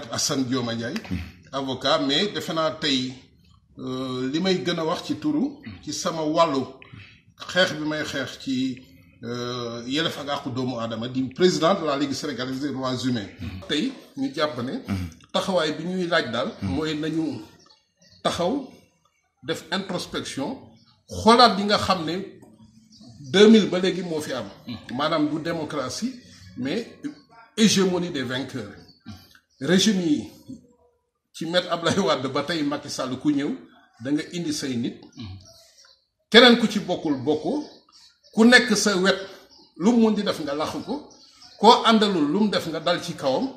maître Assane Dioma Ndiaye avocat mais defe naa tey euh, li may gën a wax ci turu ci sama wàllu xeex bi may xeex ci euh, yelef ak àqu doomu aadama di président de la ligue sénégalaise des droits humains tey ñu jàpp ne taxawaay bi ñuy laaj daal mooy nañu taxaw def introspection xoolaat li nga xam ne 2000 ba léegi moo fi am maanaam bu démocratie mais hégémonie des vainqueurs régime yi ci met Ablaye Wade ba tey Macky Sall ku ñëw da nga indi say nit keneen ku ci bokkul bokku ku nekk sa wet lu mu mun di def nga laxu ko koo àndalul lu mu def nga dal ci kawam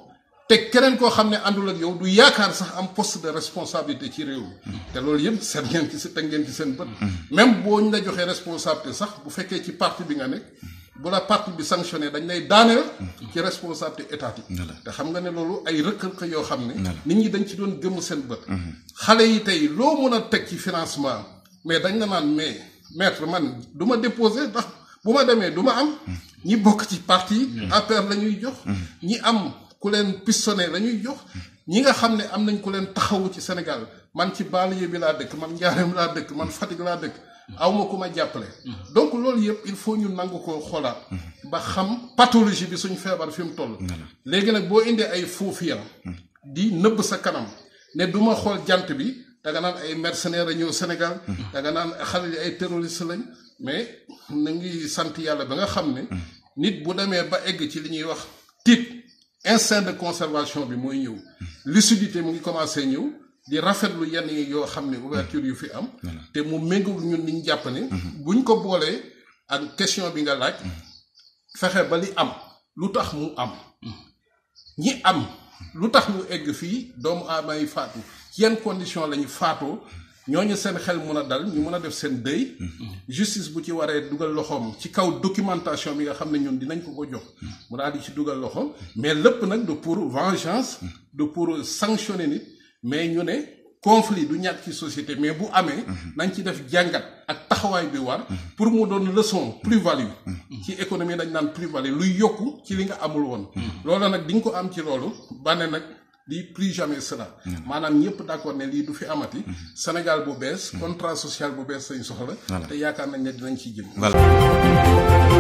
te keneen koo xam ne àndul ak yow du yaakaar sax am post de responsabilité ci réew mi te loolu yëpp seet ngeen ci teg ngeen ci seen bët mm-hmm. même boo ñu la joxee responsabilité sax bu fekkee ci parti bi nga nekk bu la parti bi sanctionné dañ lay daaneel ci responsabilité étatique te xam nga ne loolu ay rëq-rëq yoo xam ne nit ñi dañ ci doon gëmm seen bët mhm. xale yi tey loo mën a teg ci financement mais dañ la naan mais maître man du ma déposé ndax bu ma demee du ma am mhm. ñi bokk ci parti yi mhm. APR la ñuy jox ñi am ku leen pistonné la ñuy jox ñi nga xam ne am nañ ku leen taxawu ci Sénégal man ci banlieue bi laa dëkk man Njaareem laa dëkk man Fatick laa dëkk aw ma ku ma jàppale. Mm-hmm. donc loolu yëpp il faut ñu nangu ko xoolaat. Mm-hmm. ba xam pathologie bi suñ feebar fi mu toll. Mm-hmm. léegi nag boo indee ay foofiyan di nëbb sa kanam ne duma ma xool jant bi danga naan ay mercenaires a ñëw Sénégal. danga naan xale ay terroristes lañ mais na ngi sant yàlla ba nga xam ne. nit bu demee ba egg ci li ñuy wax tiit instinct de conservation bi mooy ñëw lucidité mu ngi commencé ñëw. di rafetlu yenn yi yoo xam ne ouverture yu fi am. te mu méngóog ñun ni ñu jàpp ne. Mhm. buñ ko boolee ak question bi nga laaj. Mhm. fexe ba li am lu tax mu am. ñi am lu tax ñu egg fii doomu aadama yi faatu yan condition la ñu faatoo ñooñu seen xel mun a dal ñu mun a def seen dëy. Mhm. justice bu ci waree dugal loxoom ci kaw documentation bi nga xam ne ñoom dinañ ko ko jox. mu daal di ci dugal loxoom mais lépp nag de pour vengeance. de pour sanctionner nit. mais ñu ne conflit du ñàkk ci société mais bu amee mhm. nañ ci def jàngat ak taxawaay bi war mhm. pour mu doon leçon plus-value mhm. ci économie dañ naan plus-value luy yokku ci li nga amul woon loolu nag di nga ko am ci loolu bane nag di plus jamais cela maanaam ñëpp d'accord ne lii du fi amati Sénégal bu bees contrat social bu bees lañ soxla te yaakaar nañ ne dinañ ci jëm